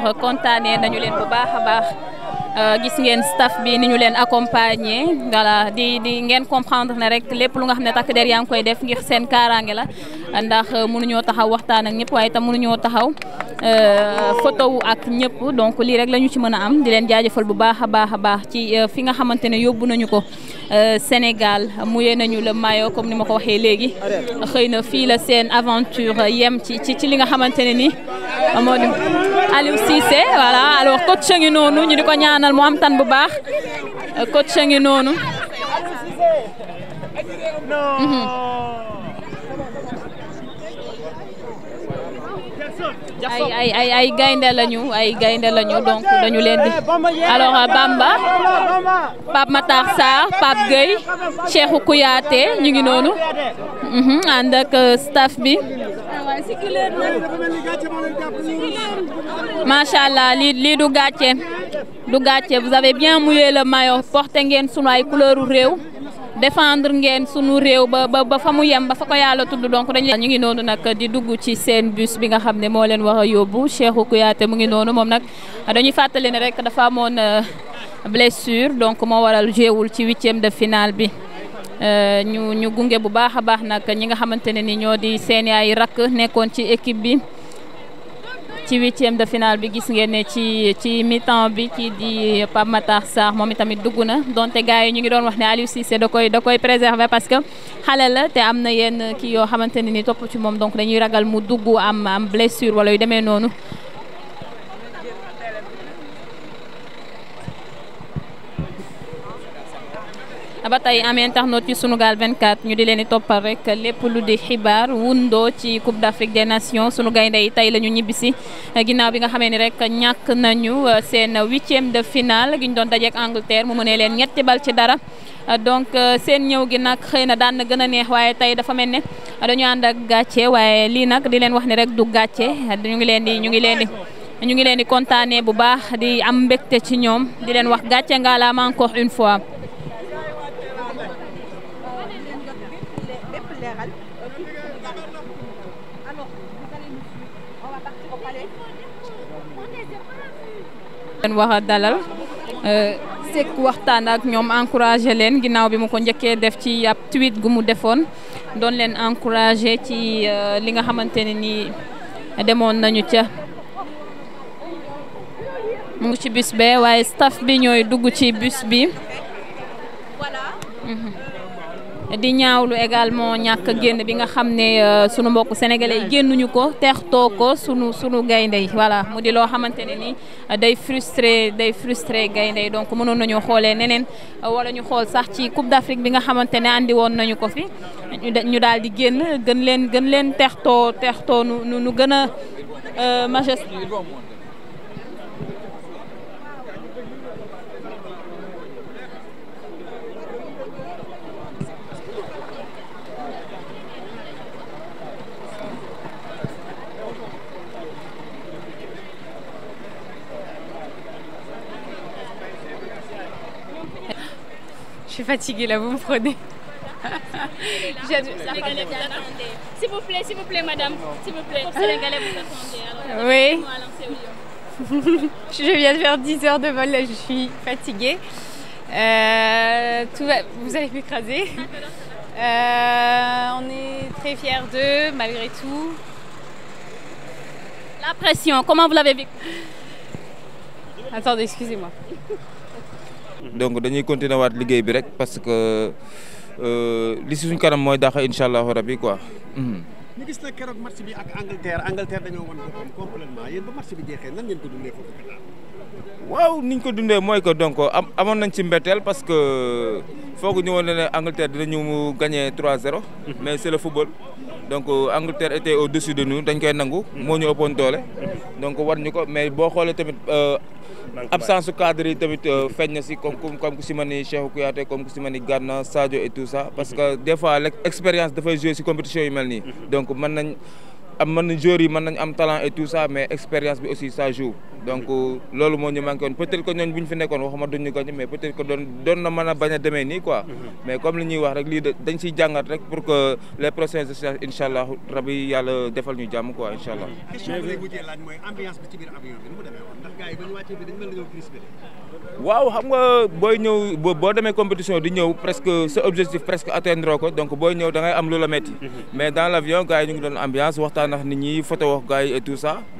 alors kontaanee nañu leen bu baax a baax euh, gis ngeen staff bi ni ñu leen accompagner voilà di di ngeen comprendre ne rek lépp lu nga xam ne takk der yaa ngi koy def ngir seen kaaraange la ndax euh, mënuñoo taxaw waxtaan ak ñëpp waaye itam mënuñoo taxaw. Euh, photo wu ak ñëpp donc lii rek lañu ci mën a am di leen jaajëfal bu baax a baax a baax ci euh, fi nga xamante ne yóbbu nañu ko euh, Sénégal muyee nañu la mayo comme ni ma ko waxee léegi xëy na fii la seen aventure yem ci ci ci li nga xamante ne ni moo di Aliou Cissé alors coach a ñu di ko ñaanal mu am tan bu baax coach a noonu. ay ay ay ay gaynde lañu ay gaynde lañu donc dañu leen di eh, alors Bamba Pape Matar Sarr Pape Gueye Cheikhou Kouyaté ñu ngi noonu mhm, ànd euh, staff bi macha allah lii lii du gàcce du gàcce vous avez bien mouillé le maillot porté ngeen sunu ay couleuru réew. défendre ngeen sunu réew ba ba ba fa mu yem ba fa ko yàlla tudd donc dañu ñu ngi noonu nag di dugg ci seen bus bi nga xam ne moo leen war a yóbbu Cheikhou Kouyaté mu ngi noonu moom nag dañuy fàttali ne rek dafa amoon euh, blessure donc moo waral jéewul ci huitième de finaal bi euh, ñu ñu gunge bu baax a baax nag ñi nga xamante ne ni ñoo di seen ay rakk nekkoon ci équipe bi. ci huitième de finale bi gis ngeen ne ci ci mi-temps bi kii di Pape Matar saax moom itamit dugg na donte gars yi ñu ngi doon wax ne Aliou Cissé da koy da koy préserver parce que xale la te am na yenn kii yoo xamante ne ni topp ci moom donc dañuy ragal mu dugg am am blessure wala yu demee noonu. ba tey am internautes ci Sunugal 24 ñu di leen di toppal rek lépp lu di xibaar wundoo ci Coupe d'Afrique des Nations sunu gaynde yi tey lañu ñu ñibbisi ginnaaw bi nga xamee ni rek ñàkk nañu seen huitième de finale gi ñu doon dajeek Angleterre mu mënee leen ñetti bal ci dara donc seen ñëw gi nag xëy na daan na gën a neex waaye tey dafa mel ne dañu ànd ak gàcce waaye lii nag di leen wax ni rek du gàcce ñu ngi leen di ñu ngi leen di ñu ngi leen di kontaanee bu baax di am mbégte ci ñoom di leen wax gàcce ngaalaam encore une fois. leen wax a dalal euh, sekk waxtaan ak ñoom encouragé leen ginnaaw bi mu ko njëkkee def ci ab tweet gu mu defoon doon leen encouragé ci euh, li nga xamante ne nii demoon nañu ca mu ngi ci bus be waaye staff bi ñooy dugg ci bus bi. voilà. Mhm. di ñaawlu également ñàkk génn bi nga xam ne euh, sunu mbokk sénégalais yi génnuñu ko teextoo ko sunu sunu gaynde yi voilà mu di loo xamante ne ni euh, day frustré day frustré gaynde yi donc mënoon nañoo xoolee neneen euh, wala ñu xool sax ci Coupe d'Afrique bi nga xamante ne andi woon nañu ko fi ñu daal di génn gën leen gën leen teextoo teextoo nu nu gën a majesté suis fatiguée là, vous me prenez. S'il vous plaît, s'il vous plaît, madame. S'il vous plaît, ah. Sénégalais, vous attendez. Alors, oui. je viens de faire 10 heures de vol, là, je suis fatiguée. Euh, tout va... Vous allez m'écraser. Ah, euh, on est très fiers d'eux, malgré tout. La pression, comment vous l'avez vécu Attendez, excusez-moi. Mm-hmm. donc dañuy continuer waat liggéey bi rek parce que euh, li si suñ kanam mooy daax incha allahu rabi quoi. Mm-hmm. ñu gis na keroog match bi ak Angleterre Angleterre dañoo wan boppam complètement yéen ba match bi jeexee ko dundee foofu ko mooy que donc am amoon nañ ci mbetteel parce que foog ñu woon ne Angleterre dinañu gagné 3-0. Mm-hmm. mais c'est football. donc euh, Angleterre était au-dessus de nous dañ koy nangu. moo ñu ëppoon doole. donc war ñu ko mais boo xoolee tamit. Euh, absence su cadre yi tamit euh, feeñ na si comme comme ku si mel ni Cheikhou Kouyaté comme ku si mel ni Gana tout ça parce que des fois l'expérience dafay jouer si compétition yu mel nii. donc mën nañ. am mën na joueurs yi mën nañu am talent et tout ça mais expérience bi aussi ça joue donc loolu moo ñu manqué woon peut-être que ñooñ bu ñu fi nekkoon waxuma duñ ñu gagné mais peut-être que a a demee nii quoi. Mhm. mais comme li ñuy rek dañ siy jàngat rek pour que les prochaines échéances incha allah rabi yàlla defal ñu jàmm quoi incha allah. Mhm. question bi ni ñoom crise bi waaw xam nga booy ñëw boo demee compétition di ñëw presque sa objectif presque atteindre ko donc booy ñëw da ngay am lu la metti mhm. mais dans l'avion gars yi ñu ngi doon ambiance waxtaan nax nit ñi photo wax gars yi et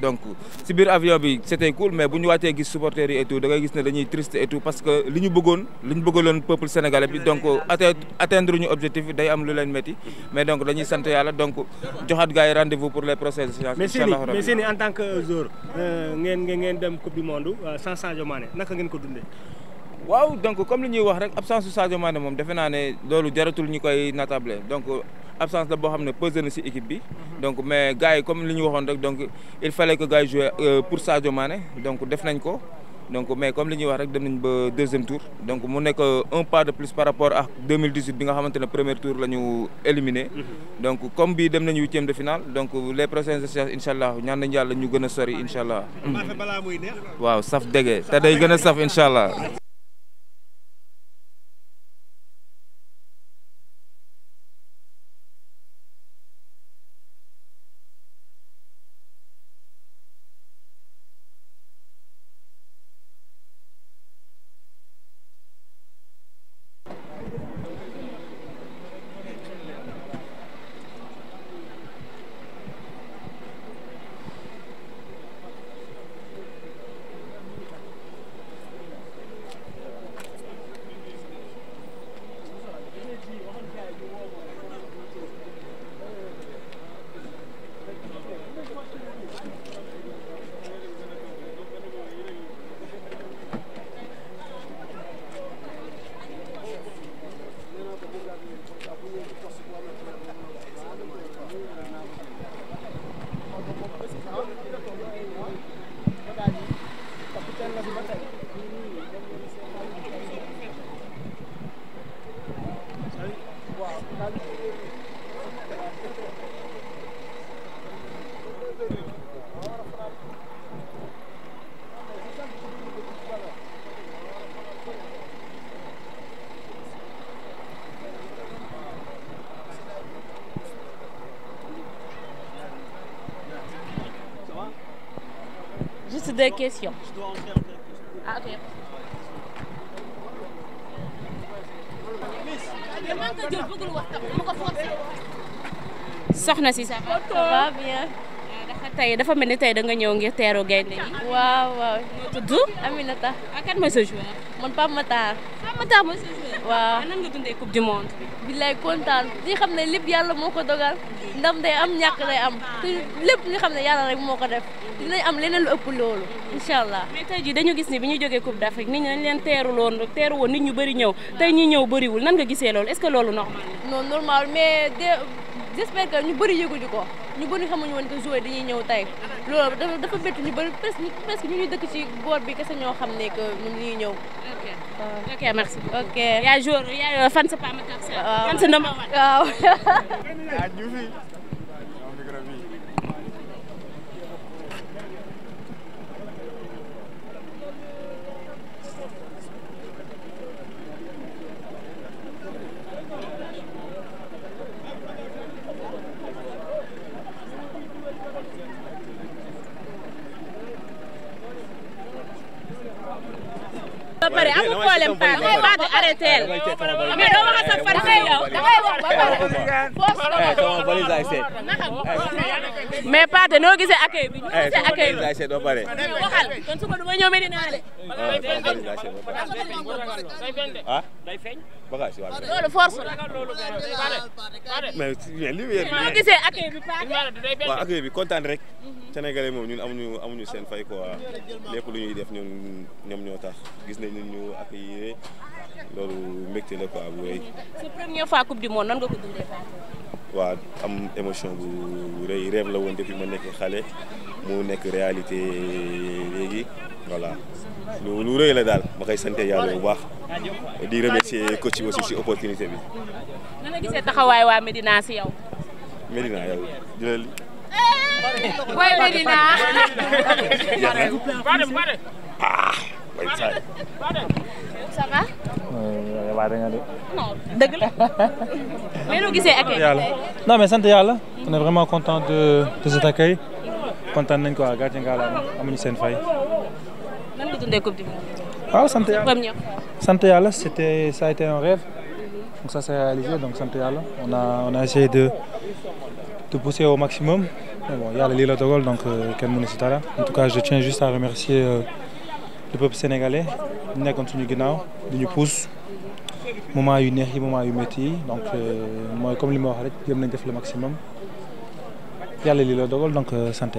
donc si avion bi c'était cool mais bu ñu wàccee gis supporters yi et tout da ngay gis ne dañuy triste et parce que li ñu bëggoon li ñu bëggaloon peuple sénégalais bi donc atteindre ñu objectif bi day am lu leen métti mais donc sant yàlla donc joxaat gars yi rendez-vous pour les procès mais Seny mais Seny en tant que joueur euh, ngeen ngeen dem coupe du monde euh, sans Sadio Mané naka ngeen ko dundee waaw donc comme li ñuy wax rek absence su Sadio Mané moom defe naa ne loolu jaratul ñu koy natable donc absence la boo xam ne pesé na si équipe bi. donc mais gars comme li ñu waxoon rek donc il fallait que gars yi joué euh, pour Sadio Mané donc def nañ ko. donc mais comme li ñuy wax rek dem nañ ba deuxième tour donc mu nekk euh, un pas de plus par rapport ak 2018 bi nga xamante ne premier tour la ñu éliminé. Mhm. donc comme bii dem nañu huitième de finale donc les prochaines échéances incha allah ñaan nañu yàlla ñu gën a sori incha allah. balaa waaw saf dege te day gën a saf incha allah. de questions. Je ah, soxna si ça va. ça va bien. dafa tey dafa mel ni tey da nga ñëw ngir teeru gaynde yi. waaw waaw. noo tudd. Aminata. ah kan mooy sa joueur. man waaw ah, nan nga dundee coupe du monde. billaay kontaan di xam ne lépp yàlla moo ko dogal. ndam day am ñàkk day am. te lépp ñu xam ne yàlla rek moo ko dinañ am leneen lu ëpp loolu incha allah mais tey jii dañu gis ni bi ñu jogee Coupe d'Afrique nit ñi dañ leen teeru loon teeru woon nit ñu bëri ñëw tey ñi ñëw bëriwul nan nga gisee loolu est-ce que loolu normal non normal mais de j'espère que ñu bari yëguñu ko ñu bëri xamuñu woon que joué dañuy ñëw tey loolu dafa dafa bett ñu bëri presque presque ñu ñuy dëkk ci boor bi kese ñoo xam ne que ñu ñuy ñëw ok merci ok yaa joueur yaa sa pamata fan sa number one problème Paate Paate arrêté mais doo wax sa fan ngay yow eh, eh, eh. mais Paate noo gisee accueil bi ñu gisee accueil bi waxal kon su ko du ma ñëw Medina de. bagage waaw loolu force la. mais mais li wér. waaw gisee accueil bi paase. waaw accueil rek. Sénégalais moom ñun amuñu amuñu seen fay quoi lépp lu ñuy def ñoom ñoom ñoo tax gis nañ ñu accueillir loolu mbégte la quoi bu rëy. sa première fois coupe du monde nan nga ko dundee. waaw am émotion bu rëy rêve la woon depuis nekk xale mu nekk réalité léegi lu lu rëy daal ma koy sant yàlla bu baax di remercier coach aussi si opportunité bi. nan la gisee taxawaay waa Medina si yow. Medina yow jëlal. booy da nga de. non dëgg la. mais noo non mais sant yàlla. on est vraiment content de de cet accueil. kontaan nañ ko waa gàcce ngalaama amuñu seen fay. ko dundee coupe du a été un rêve donc ça s'est réalisé donc sant yàlla on a on a essayé de de pousser au maximum mais bon yàlla lii la dogal donc euh, kenn mënu si dara en tout cas je tiens juste à remercier euh, le peuple sénégalais ñu nekkoon suñu ginnaaw di ñu pousse moment yu neex yi moment yu métti yi donc euh, mooy comme li ma wax rek jëm nañ def le maximum yàlla lii la dogal donc sant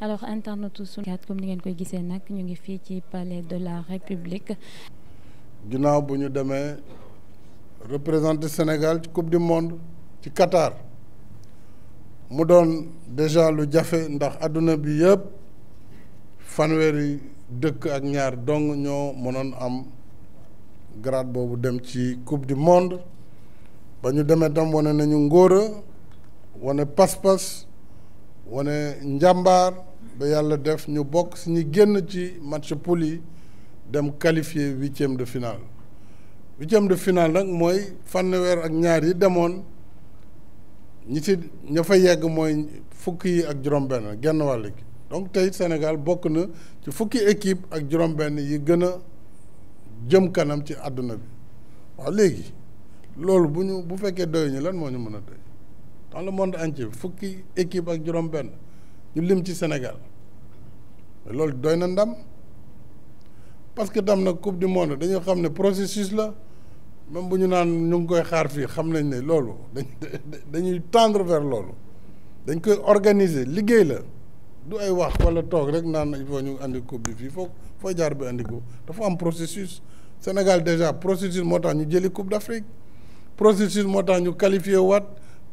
alors internetu Sunugal comme ni ngeen koy gisee nag ñu ngi fii ci palais de la République. ginnaaw bu ñu demee représenter Sénégal ci coupe du monde ci Qatar mu doon déjà lu jafe ndax adduna bi yëpp fanweeri dëkk ak ñaar dong ñoo mënoon am grade boobu dem ci coupe du monde ba ñu demee tam wane nañu ngóora. wane pas-pas wane njàmbaar ba yàlla def ñu bokk si ñu génn ci match poule yi dem qualifié huitième de finale huitième de finale nag mooy fanweer ak ñaar yi demoon ñi ci ña fa yegg mooy fukki ak juróom-benn genn wàll gi donc tey Sénégal bokk na ci fukki équipe ak juróom-benn yi gën a jëm kanam ci àdduna bi waaw léegi loolu bu ñu bu fekkee doy ñu lan moo ñu mën a doy dans le monde entier fukki équipe ak juróom-benn ñu lim ci Sénégal loolu doy na ndam parce que dam nag coupe du monde dañoo xam ne processus la même bu ñu naan ñu ngi koy xaar fii xam nañ ne loolu dañ dañuy tendre vers loolu dañ koy organiser liggéey la du ay wax walla toog rek naan il faut ñu andi coupe bi fii foo foo jaar bi andi ko dafa am processus Sénégal déjà processus moo tax ñu jëli coupe d'Afrique processus moo tax ñu qualifié waat.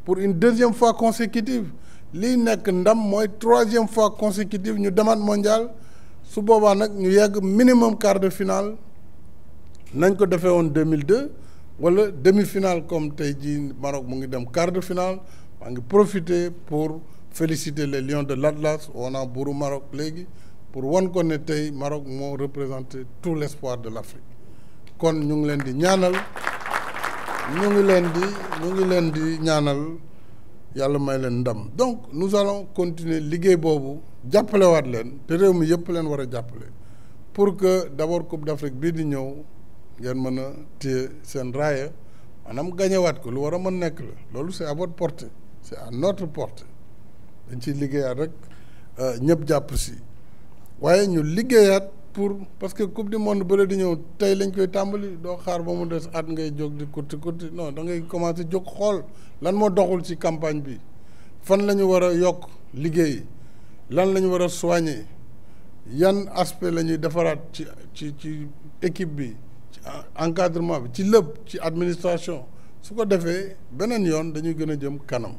pour une deuxième fois consécutive lii nekk ndam mooy troisième fois consécutive ñu demaat mondial su boobaa nag ñu yegg minimum quart de finale nañ ko defee woon deux mille deux wala demi-finale comme tey jii Maroc mu ngi dem quart de finale maa ngi profiter pour féliciter les Lions de l'Atlas on a buuru léegi pour wan ko ne tey Maroc moo représenter tout l'espoir de l'Afrique kon ñu ngi leen di ñaanal ñu ngi leen di ñu ngi leen di ñaanal yàlla may leen ndam donc nous allons continuer liggéey boobu jàppalewaat leen te réew mi yëpp leen war a jàppale pour que d'abord Coupe d'Afrique bii di ñëw ngeen mën a téye seen raaya maanaam gañewaat ko lu war a mën nekk la loolu c'est à votre portée c'est à notre portée dañ ciy liggéeyaat rek euh, ñëpp jàpp si waaye ñu liggéeyaat. pour parce que coupe du monde bële di ñëw tey lañ koy tàmbali doo xaar ba mu des at ngay jóg di kurti kurti non da ngay commencé jóg xool lan moo doxul ci campagne bi fan la ñu war a yokk liggéey lan la ñu war a soigner yan aspect la ñuy defaraat ci ci ci équipe bi ci encadrement bi ci lépp ci administration su ko defee beneen yoon dañuy gën a jëm kanam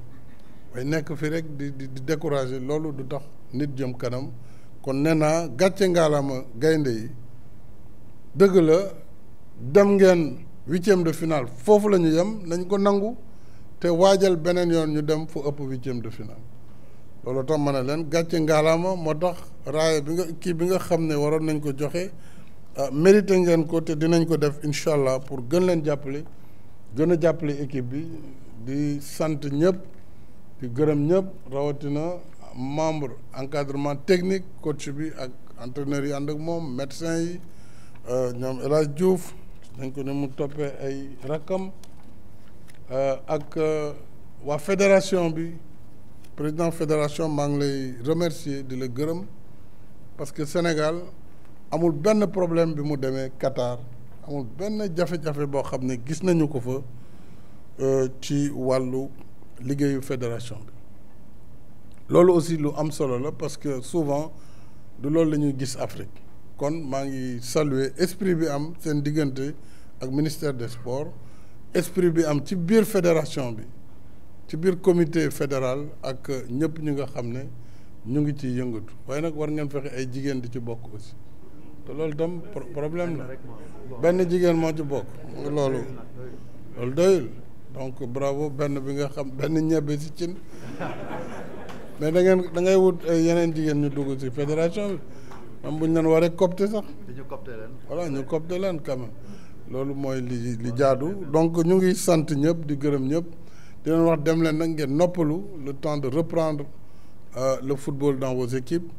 waaye nekk fi rek di di décourager loolu du tax nit jëm kanam kon nee naa gàcce ngaalaama gaynde yi dëgg la dem ngeen huitième de finale foofu la ñu yem nañ ko nangu te waajal beneen yoon ñu dem fu ëpp huitième de finale loolu tax ma ne leen gàcce ngaalaama moo tax raaya bi nga kii bi nga xam ne waroon nañ ko joxe ah, mérité ngeen ko te dinañ ko def incha allah pour gën leen jàppale gën a jàppale équipe bi di sant ñëpp di gërëm ñëpp rawatina. membre encadrement technique coach bi ak entraîneur yi ànd ak moom médecin yi euh, ñoom El Hadj Diouf dañ ko ne mu toppee ay rakkam euh, ak euh, waa fédération bi président fédération maa ngi lay remercier di la gërëm parce que Sénégal amul benn problème bi mu demee Qatar amul benn jafe-jafe boo xam ne gis nañu ko fa ci wàllu liggéeyu fédération bi loolu aussi lu am solo la parce que souvent du loolu la ñuy gis Afrique kon maa ngi saluer esprit bi am seen diggante ak ministère de sports esprit bi am ci biir fédération bi ci biir comité fédéral ak ñëpp ñu nga xam ne ñu ngi ciy yëngatu waaye nag war ngeen fexe ay jigéen di ci bokk aussi te loolu tam problème la benn jigéen moo ci bokk loolu loolu doyul donc bravo benn bi nga xam benn ñebe si cin mais da ngeen da ngay wut eh, yeneen jigéen ñu dugg ci fédération bi am bu ñu leen waree copter sax. ñu copter leen. voilà ñu copter leen quand loolu mooy li li jaadu donc ñu ngi sant ñëpp di gërëm ñëpp di leen wax dem leen nag ngeen noppalu le temps de reprendre euh, le football dans vos équipes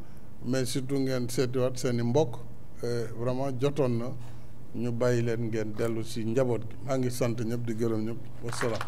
mais surtout ngeen seetiwaat seen i mbokk vraiment jotoon na ñu bàyyi leen ngeen dellu si njaboot gi maa ngi sant ñëpp di gërëm ñëpp wasalaam